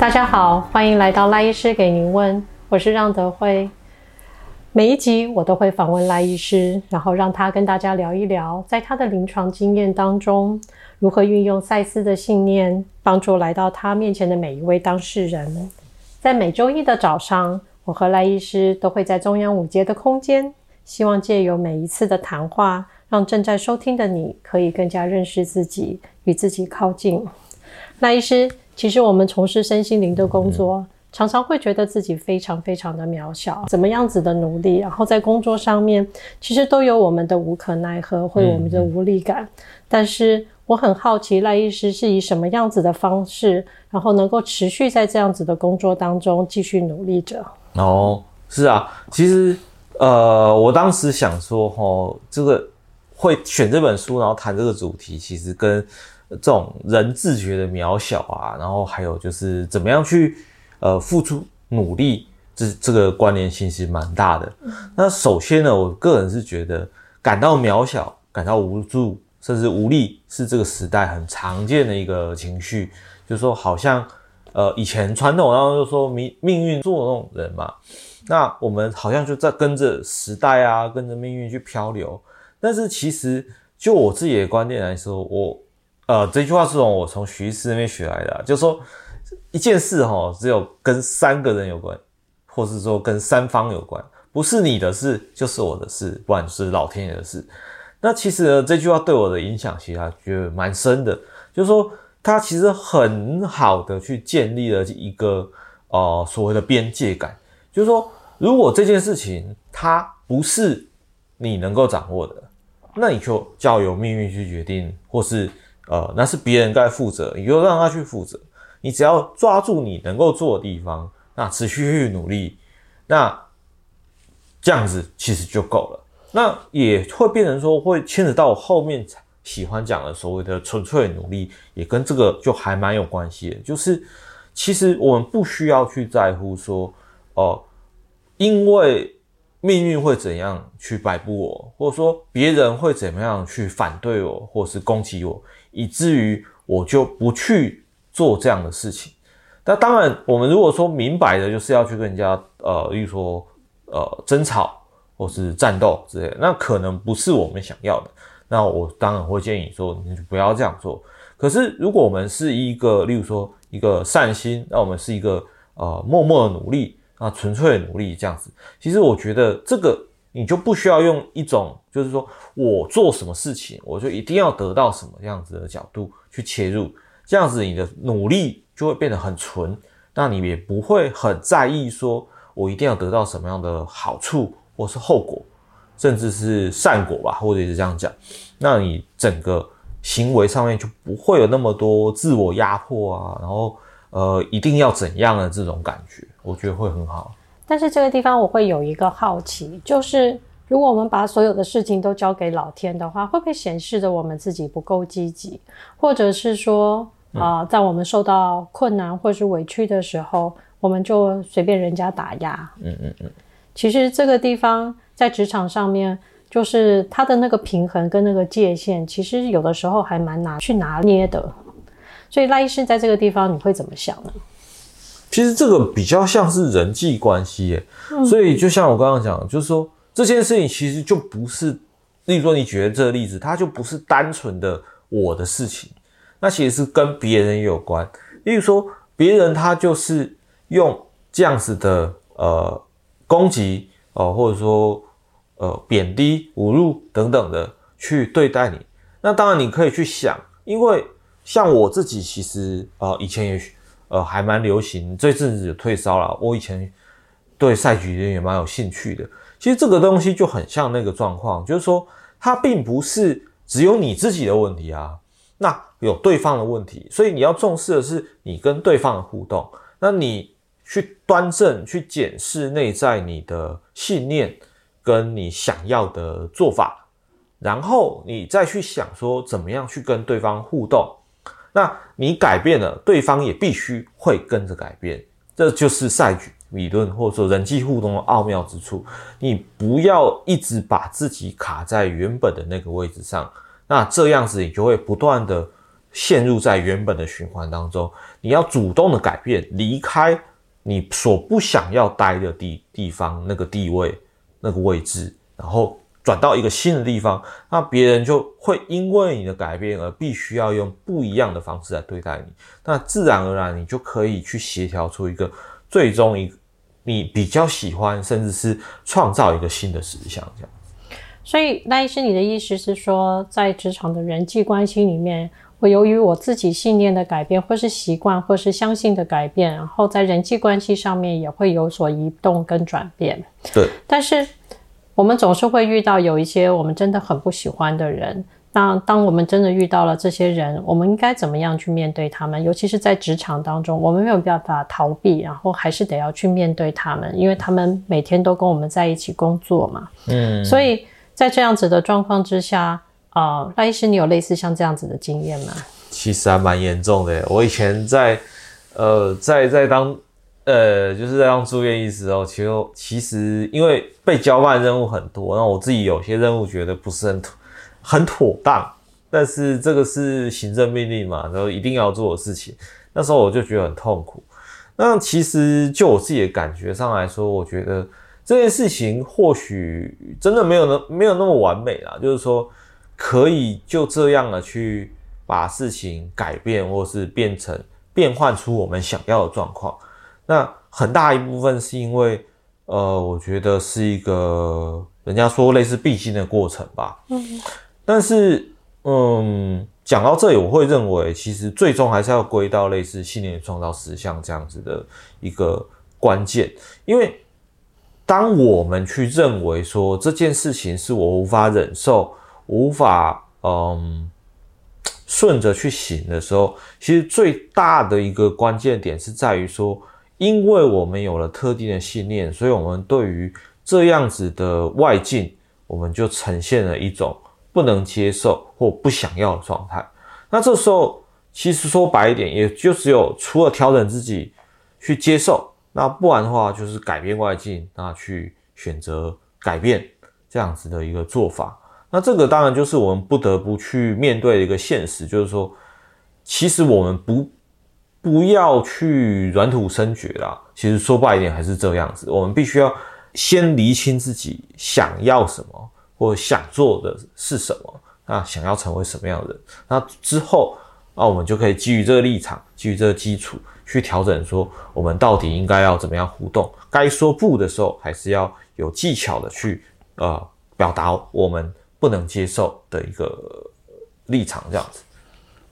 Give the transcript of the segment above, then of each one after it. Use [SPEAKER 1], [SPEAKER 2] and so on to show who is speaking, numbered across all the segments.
[SPEAKER 1] 大家好，歡迎來到賴醫師給您問，我是讓德惠。每一集我都會訪問賴醫師，然後讓他跟大家聊一聊，在他的臨床經驗當中，如何運用賽斯的信念，幫助來到他面前的每一位當事人。在每週一的早上，我和賴醫師都會在中央五街的空間，希望借由每一次的談話，讓正在收聽的你可以更加認識自己，與自己靠近。賴醫師。其實我們從事身心靈的工作，嗯，常常會覺得自己非常非常的渺小，怎麼樣子的努力，然後在工作上面，其實都有我們的無可奈何，會有我們的無力感。嗯，但是我很好奇，賴醫師是以什麼樣子的方式，然後能夠持續在這樣子的工作當中繼續努力着。
[SPEAKER 2] 哦，是啊，其實，呃，我當時想說，哦，這個會選這本書，然後談這個主題，其實跟。這種人自覺的渺小啊，然後還有就是怎麼樣去呃付出努力，這這個關聯性是蠻大的。那首先呢，我個人是覺得感到渺小、感到無助甚至無力，是這個時代很常見的一個情緒。就是說，好像呃以前傳統當中就說命命運捉弄人嘛。那我們好像就在跟着時代啊，跟着命運去漂流。但是其實，就我自己的觀念來說，我。呃，這句話是從我從徐醫師那邊學來的，啊，就是說一件事哈，哦，只有跟三個人有關，或是說跟三方有關，不是你的事就是我的事，不管是老天爺的事。那其實呢，這句話對我的影響其實還覺得蠻深的，就是說他其實很好的去建立了一個呃所謂的邊界感，就是說如果這件事情它不是你能夠掌握的，那你就交由命運去決定，或是。呃，那是別人該負責，你就讓他去負責。你只要抓住你能夠做的地方，那持續去努力，那這樣子其實就夠了。那也會變成說會牽扯到我後面喜歡講的所謂的純粹的努力，也跟這個就還蠻有關係的。就是其實我們不需要去在乎說哦、呃，因為命運會怎樣去擺布我，或者說別人會怎麼樣去反對我，或者是攻擊我。以至於我就不去做這樣的事情。那當然，我們如果說明白的，就是要去跟人家呃，例如說呃爭吵或是戰鬥之類的，那可能不是我們想要的。那我當然會建議你說，你就不要這樣做。可是如果我們是一個，例如說一個善心，那我們是一個呃默默的努力啊，純粹的努力這樣子。其實我覺得這個。你就不需要用一種，就是說我做什麼事情，我就一定要得到什麼樣子的角度去切入，這樣子你的努力就會變得很純，那你也不會很在意說我一定要得到什麼樣的好處或是後果，甚至是善果吧，或者是這樣講，那你整個行為上面就不會有那麼多自我壓迫啊，然後呃，一定要怎樣的這種感覺，我覺得會很好。
[SPEAKER 1] 但是這個地方我會有一個好奇，就是如果我們把所有的事情都交給老天的話，會不會顯示着我們自己不夠積極，或者是說啊、嗯呃，在我們受到困難或是委屈的時候，我們就隨便人家打壓？嗯嗯嗯。其實這個地方在職場上面，就是它的那個平衡跟那個界限，其實有的時候還蠻難去拿捏的。所以賴醫生賴醫師，在這個地方你會怎麼想呢？
[SPEAKER 2] 其實這個比較像是人際關係耶，所以就像我剛剛講，就是說這件事情其實就不是，例如說你舉的這個例子，它就不是單純的我的事情，那其實是跟別人有關。例如說別人他就是用這樣子的呃攻擊哦、呃，或者說呃貶低侮辱等等的去對待你，那當然你可以去想，因為像我自己其實呃以前也許。呃，還蠻流行，這陣子退燒了。我以前對賽局也蠻有興趣的。其實這個東西就很像那個狀況，就是說它並不是只有你自己的問題啊，那有對方的問題。所以你要重視的是你跟對方的互動。那你去端正、去檢視內在你的信念，跟你想要的做法，然後你再去想說怎麼樣去跟對方互動。那你改變了，對方也必須會跟着改變，這就是賽局理論或者說人際互動的奧妙之處。你不要一直把自己卡在原本的那個位置上，那這樣子你就會不斷的陷入在原本的循環當中。你要主動的改變，離開你所不想要待的地地方、那個地位、那個位置，然後。轉到一個新的地方，那別人就會因為你的改變而必須要用不一樣的方式來對待你，那自然而然你就可以去協調出一個最終一個你比較喜歡，甚至是創造一個新的實相這樣。
[SPEAKER 1] 所以，賴醫師你的意思是說，在職場的人際關係裡面，我由於我自己信念的改變，或是習慣，或是相信的改變，然後在人際關係上面也會有所移動跟轉變。對，但是。我們總是會遇到有一些我們真的很不喜歡的人。那當我們真的遇到了這些人，我們應該怎麼樣去面對他們？尤其是在職場當中，我們沒有辦法逃避，然後還是得要去面對他們，因為他們每天都跟我們在一起工作嘛。嗯，所以在這樣子的狀況之下，啊、呃，賴醫師，你有類似像這樣子的經驗嗎？
[SPEAKER 2] 其實還蠻嚴重的。我以前在，呃，在在當。呃，就是在當住院醫師哦，時，其實其實因為被交辦任務很多，然後我自己有些任務覺得不是很很妥當，但是這個是行政命令嘛，然後一定要做的事情。那時候我就覺得很痛苦。那其實就我自己的感覺上來說，我覺得這件事情或許真的沒有那沒有那麼完美啦，就是說可以就這樣了去把事情改變，或是變成變換出我們想要的狀況。那很大一部分是因為，呃，我覺得是一個人家說類似必經的過程吧。但是，嗯，講到這裡，我會認為其實最終還是要歸到類似信念創造實相這樣子的一個關鍵，因為當我們去認為說這件事情是我無法忍受、無法嗯順着去行的時候，其實最大的一個關鍵點是在於說，因為我們有了特定的信念，所以我們對於這樣子的外境，我們就呈現了一種不能接受或不想要的狀態。那這時候，其實說白一點，也就只有除了調整自己去接受，那不然的話就是改變外境，那去選擇改變這樣子的一個做法。那這個當然就是我們不得不去面對的一個現實，就是說，其實我們不不要去軟土深掘啦。其實說白一點還是這樣子，我們必須要先釐清自己想要什麼，或想做的是什麼，那想要成為什麼樣的人，那之後，啊我們就可以基於這個立場，基於這個基礎去調整，說我們到底應該要怎麼樣互動，該說不的時候，還是要有技巧的去呃表達我們不能接受的一個立場，這樣
[SPEAKER 1] 子。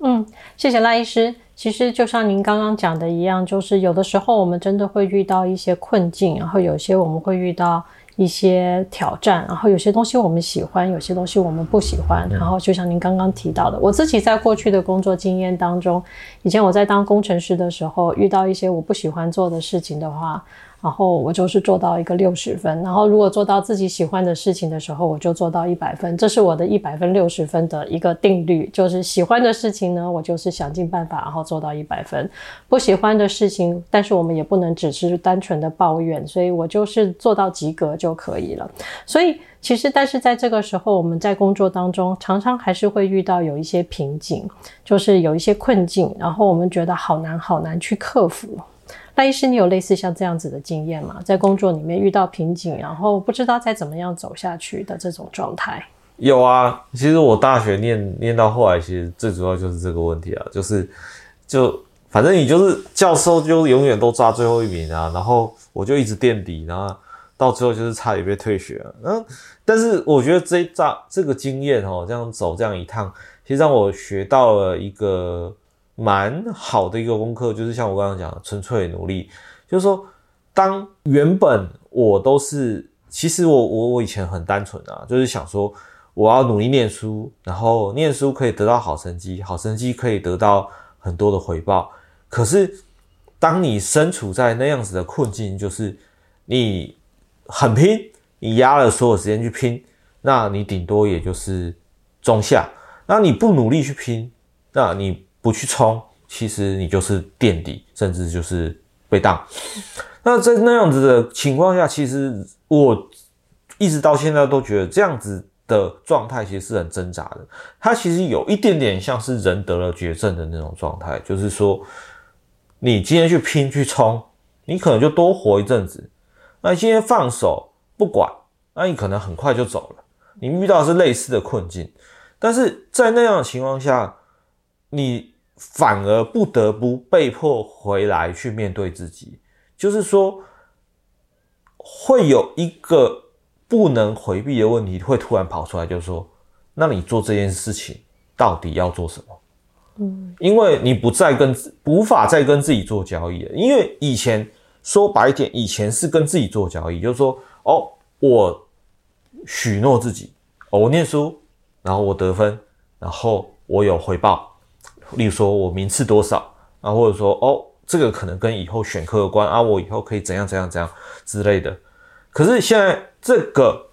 [SPEAKER 1] 嗯，謝謝賴醫師。其實就像您剛剛講的一樣，就是有的時候我們真的會遇到一些困境，然後有些我們會遇到一些挑戰，然後有些東西我們喜歡，有些東西我們不喜歡。然後就像您剛剛提到的，我自己在過去的工作經驗當中，以前我在當工程師的時候，遇到一些我不喜歡做的事情的話。然後我就是做到一個六十分，然後如果做到自己喜歡的事情的時候，我就做到一百分，這是我的一百分六十分的一個定律，就是喜歡的事情呢，我就是想盡辦法，然後做到一百分；不喜歡的事情，但是我們也不能只是單純的抱怨，所以我就是做到及格就可以了。所以其實，但是在這個時候，我們在工作當中常常還是會遇到有一些瓶頸，就是有一些困境，然後我們覺得好難好難去克服。大醫師，你有類似像這樣子的經驗嗎？在工作裡面遇到瓶頸，然後不知道再怎麼樣走下去的這種狀態？
[SPEAKER 2] 有啊，其實我大學念念到後來，其實最主要就是這個問題啊，就是就反正你就是教授就永遠都抓最後一名啊，然後我就一直墊底，然後到最後就是差點被退學了。嗯，但是我覺得這一扎這個經驗哦、喔，這樣走這樣一趟，其實讓我學到了一個。蠻好的一個功課，就是像我剛剛講的，純粹的努力，就是說，當原本我都是，其實我我我以前很單純啊，就是想說我要努力念書，然後念書可以得到好成績，好成績可以得到很多的回報。可是，當你身處在那樣子的困境，就是你很拼，你壓了所有時間去拼，那你頂多也就是中下。那你不努力去拼，那你。不去衝，其實你就是墊底，甚至就是被當。那在那樣子的情況下，其實我一直到現在都覺得這樣子的狀態其實是很掙扎的。它其實有一點點像是人得了絕症的那種狀態，就是說，你今天去拼去衝，你可能就多活一陣子；那你今天放手不管，那你可能很快就走了。你遇到的是類似的困境，但是在那樣的情況下，你。反而不得不被迫回來去面對自己，就是說，會有一個不能回避的問題會突然跑出來，就是說，那你做這件事情到底要做什麼？嗯，因為你不再跟無法再跟自己做交易了，因為以前說白點，以前是跟自己做交易，就是說，哦，我許諾自己，哦，我念書，然後我得分，然後我有回報。例如說，我名次多少啊？或者說，哦，這個可能跟以後選課有關啊。我以後可以怎樣怎樣怎樣之類的。可是現在這個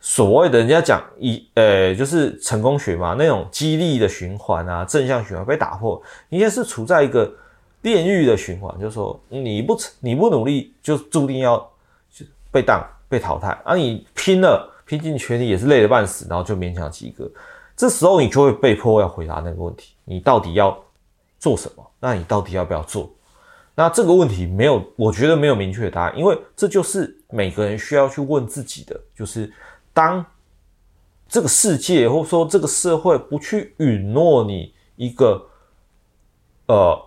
[SPEAKER 2] 所謂的，人家講一呃，就是成功學嘛，那種激勵的循環啊，正向循環被打破，應該是處在一個煉獄的循環，就是說你不成你不努力，就注定要被當被淘汰。啊，你拼了拼盡全力也是累得半死，然後就勉強及格。這時候你就會被迫要回答那個問題：你到底要做什麼？那你到底要不要做？那這個問題沒有，我覺得沒有明確的答案，因為這就是每個人需要去問自己的：就是當這個世界或說這個社會不去允諾你一個呃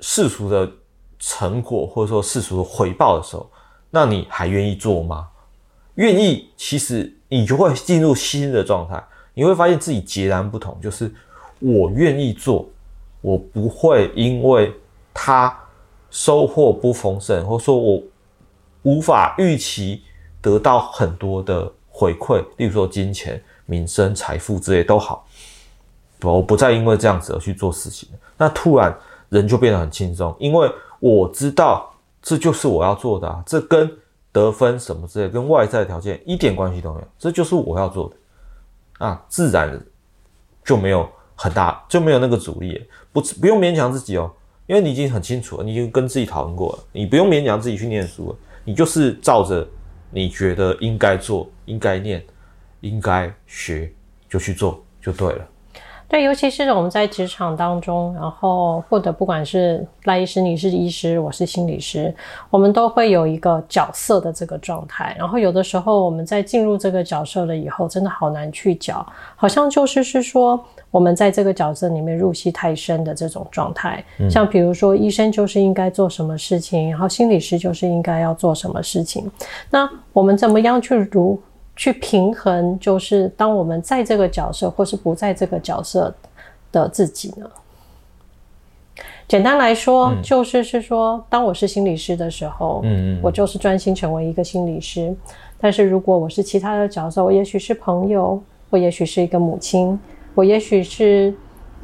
[SPEAKER 2] 世俗的成果或者說世俗的回報的時候，那你還願意做嗎？願意，其實你就會進入新的狀態。你會發現自己截然不同，就是我願意做，我不會因為他收穫不豐盛，或說我無法預期得到很多的回饋，例如說金錢、名聲、財富之類都好，我不再因為這樣子而去做事情，那突然人就變得很輕鬆，因為我知道這就是我要做的啊，這跟得分什麼之類，跟外在條件一點關係都沒有，這就是我要做的。啊，自然就沒有很大，就沒有那個阻力，不，不用勉強自己哦，因為你已經很清楚了，你已經跟自己討論過了，你不用勉強自己去念書了，你就是照着你覺得應該做、應該念、應該學就去做，就對了。
[SPEAKER 1] 對，尤其是我們在職場當中，然後或者不管是賴醫師、你是醫師，我是心理師，我們都會有一個角色的這個狀態。然後有的時候我們在進入這個角色了以後，真的好難去角，好像就是是說我們在這個角色裡面入戲太深的這種狀態。嗯。像比如說，醫生就是應該做什麼事情，然後心理師就是應該要做什麼事情，那我們怎麼樣去讀？去平衡，就是當我們在這個角色，或是不在這個角色的自己呢？簡單來說，嗯、就是是說，當我是心理師的時候，嗯嗯，我就是專心成為一個心理師。嗯、但是如果我是其他的角色，我也許是朋友，我也許是一個母親，我也許是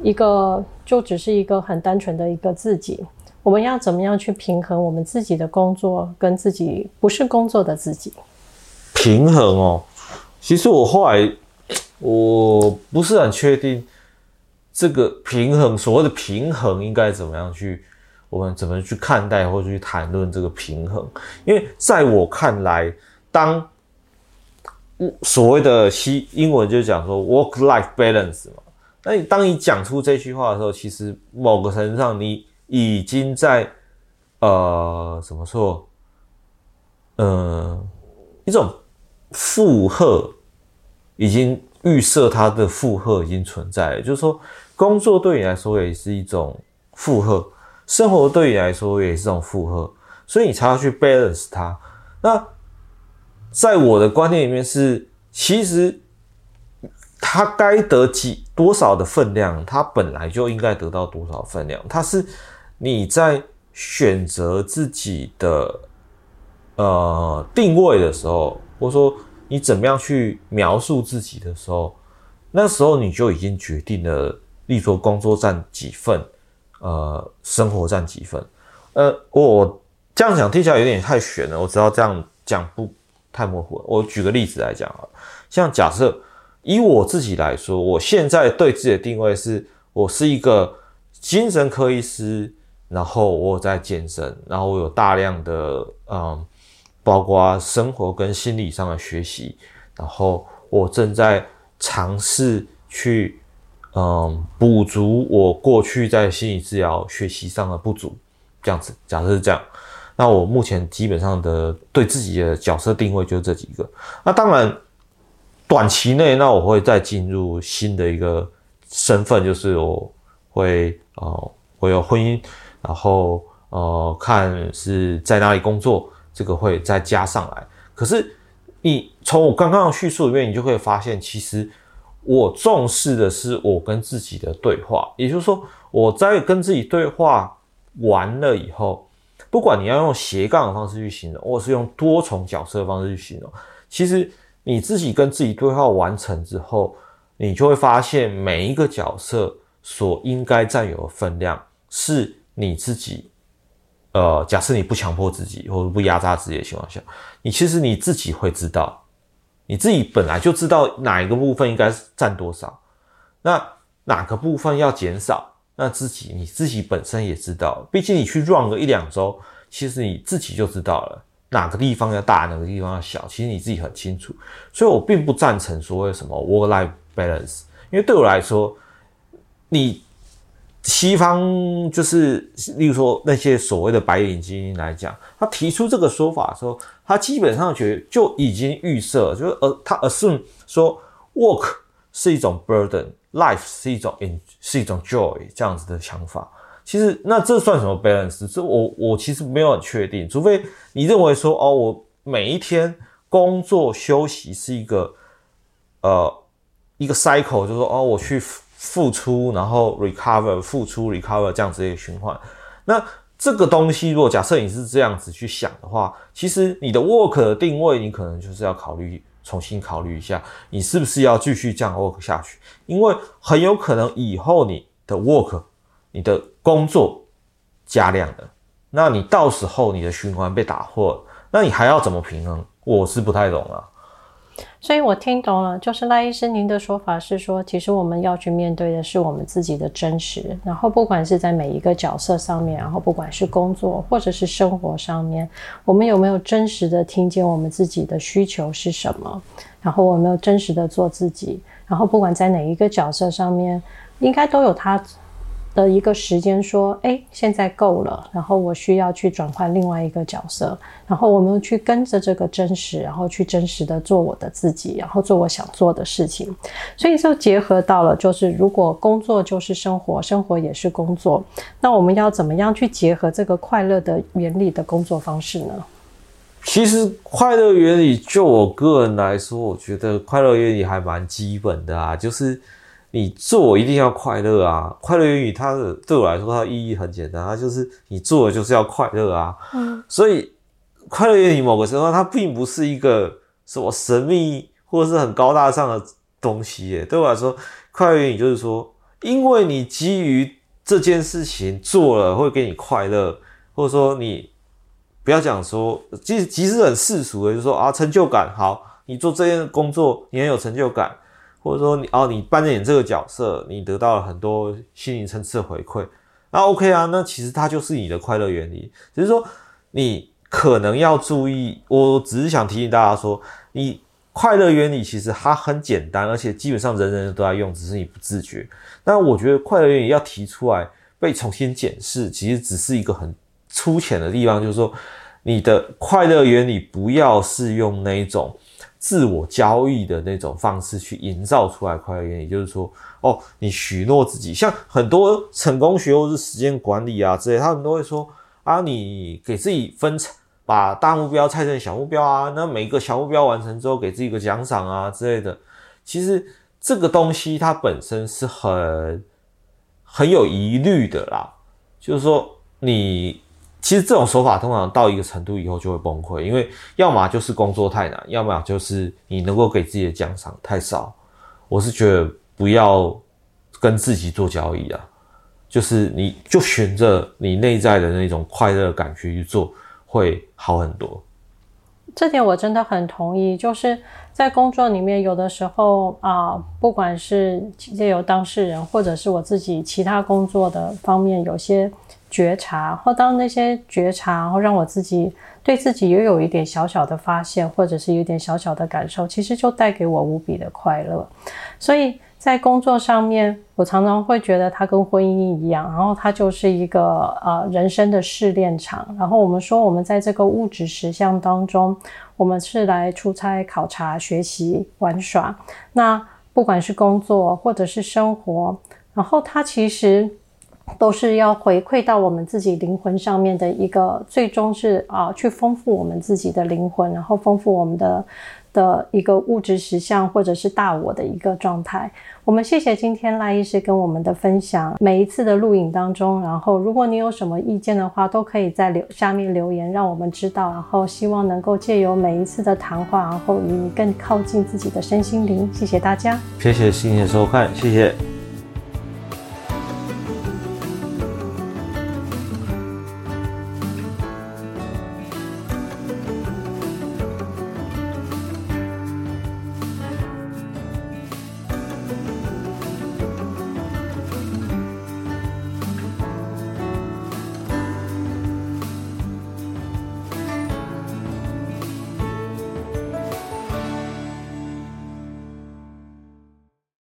[SPEAKER 1] 一個，就只是一個很單純的一個自己。我們要怎麼樣去平衡我們自己的工作跟自己不是工作的自己？
[SPEAKER 2] 平衡哦。其實我後來我不是很確定這個平衡，所謂的平衡應該怎麼樣去，我們怎麼去看待或者，去談論這個平衡？因為在我看來，當所謂的西英文就講說 work life balance 嘛，那你當你講出這句話的時候，其實某個程度上你已經在呃怎麼說？嗯、呃，一種負荷。已經預設它的負荷已經存在了，就是說，工作對你來說也是一種負荷，生活對你來說也是種負荷，所以你才要去 balance 它。那在我的觀念裡面是，其實它該得幾多少的分量，它本來就應該得到多少分量，它是你在選擇自己的呃定位的時候，或說。你怎麼樣去描述自己的時候，那時候你就已經決定了，例如說工作佔幾份，呃，生活佔幾份。呃，我，我這樣講聽起來有點太玄了，我知道這樣講不太模糊了。我舉個例子來講啊，像假設以我自己來說，我現在對自己的定位是我是一個精神科醫師，然後我在健身，然後我有大量的嗯。包括生活跟心理上的學習，然後我正在嘗試去，嗯，補足我過去在心理治療學習上的不足。這樣子，假設是這樣，那我目前基本上的對自己的角色定位就是這幾個。那當然，短期內，那我會再進入新的一個身份，就是我會，呃，會有婚姻，然後，呃，看是在哪裡工作。這個會再加上來，可是你從我剛剛的敘述裡面，你就會發現，其實我重視的是我跟自己的對話。也就是說，我在跟自己對話完了以後，不管你要用斜槓的方式去形容，或是用多重角色的方式去形容，其實你自己跟自己對話完成之後，你就會發現每一個角色所應該佔有的分量，是你自己。呃，假設你不強迫自己，或者不壓榨自己的情況下，你其實你自己會知道，你自己本來就知道哪一個部分應該是占多少，那哪個部分要減少，那自己你自己本身也知道。畢竟你去 run 個一兩週，其實你自己就知道了，哪個地方要大，哪個地方要小，其實你自己很清楚。所以，我並不贊成所謂什麼 work-life balance，因為對我來說，你。西方就是，例如說那些所謂的白領精英來講，他提出這個說法的時候，他基本上覺得就已經預設，就是呃，他 assume 說 work 是一種 burden，life 是一種 en 是一種 joy 這樣子的想法。其實那這算什麼 balance？這我我其實沒有很確定，除非你認為說哦，我每一天工作休息是一個呃一個 cycle，就是說哦，我去。付出，然後 recover，付出 recover 這樣子一個循環。那這個東西，如果假設你是這樣子去想的話，其實你的 work 的定位，你可能就是要考慮重新考慮一下，你是不是要繼續這樣 work 下去？因為很有可能以後你的 work，你的工作加量了，那你到時候你的循環被打破了，那你還要怎麼平衡？我是不太懂了啊。
[SPEAKER 1] 所以，我聽懂了，就是賴醫師您的說法是說，其實我們要去面對的是我們自己的真實，然後不管是在每一個角色上面，然後不管是工作或者是生活上面，我們有沒有真實的聽見我們自己的需求是什麼，然後我們有真實的做自己，然後不管在哪一個角色上面，應該都有它的一個時間說，欸，現在夠了，然後我需要去轉換另外一個角色，然後我們去跟着這個真實，然後去真實的做我的自己，然後做我想做的事情。所以就結合到了，就是如果工作就是生活，生活也是工作，那我們要怎麼樣去結合這個快樂的原理的工作方式呢？
[SPEAKER 2] 其實快樂原理，就我個人來說，我覺得快樂原理還蠻基本的啊，就是。你做一定要快樂啊！快樂源於它的，對我來說，它意義很簡單，它就是你做就是要快樂啊。嗯，所以快樂源於某個時候，它並不是一個什麼神秘或者是很高大上的東西耶。對我來說，快樂源於就是說，因為你基於這件事情做了會給你快樂，或者說你不要講說，即即使很世俗的，就是說啊，成就感，好，你做這件工作你很有成就感。或者說你哦，你扮演這個角色，你得到了很多心靈層次的回饋，那 OK 啊,那其實它就是你的快樂原理。只是說你可能要注意，我只是想提醒大家說，你快樂原理其實它很簡單，而且基本上人人都在用，只是你不自覺。但我覺得快樂原理要提出來被重新檢視，其實只是一個很粗淺的地方，就是說你的快樂原理不要是用那一種。自我交易的那種方式去營造出來快樂，也就是說，哦，你許諾自己，像很多成功學或者是時間管理啊之類的，他們都會說，啊，你給自己分成，把大目標拆成小目標啊，那每個小目標完成之後，給自己一個獎賞啊之類的。其實這個東西它本身是很很有疑慮的啦，就是說你。其實這種手法通常到一個程度以後就會崩潰，因為要麼就是工作太難，要麼就是你能夠給自己的獎賞太少。我是覺得不要跟自己做交易啊，就是你就選擇你內在的那種快樂的感覺去做，會好很多。
[SPEAKER 1] 這點我真的很同意，就是在工作裡面有的時候啊、呃，不管是借由當事人，或者是我自己其他工作的方面，有些。覺察，然後當那些覺察，然後讓我自己對自己也有一點小小的發現，或者是有一點小小的感受，其實就帶給我無比的快樂。所以在工作上面，我常常會覺得它跟婚姻一樣，然後它就是一個呃人生的試煉場。然後我們說，我們在這個物質實相當中，我們是來出差、考察、學習、玩耍。那不管是工作或者是生活，然後它其實……都是要回饋到我們自己靈魂上面的一個，最終是啊、呃，去豐富我們自己的靈魂，然後豐富我們的的一個物質實相或者是大我的一個狀態。我們謝謝今天賴醫師跟我們的分享，每一次的錄影當中，然後如果你有什麼意見的話，都可以在留下面留言，讓我們知道。然後希望能夠借由每一次的談話，然後與你更靠近自己的身心靈。謝謝大家，
[SPEAKER 2] 謝謝，謝謝收看，謝謝。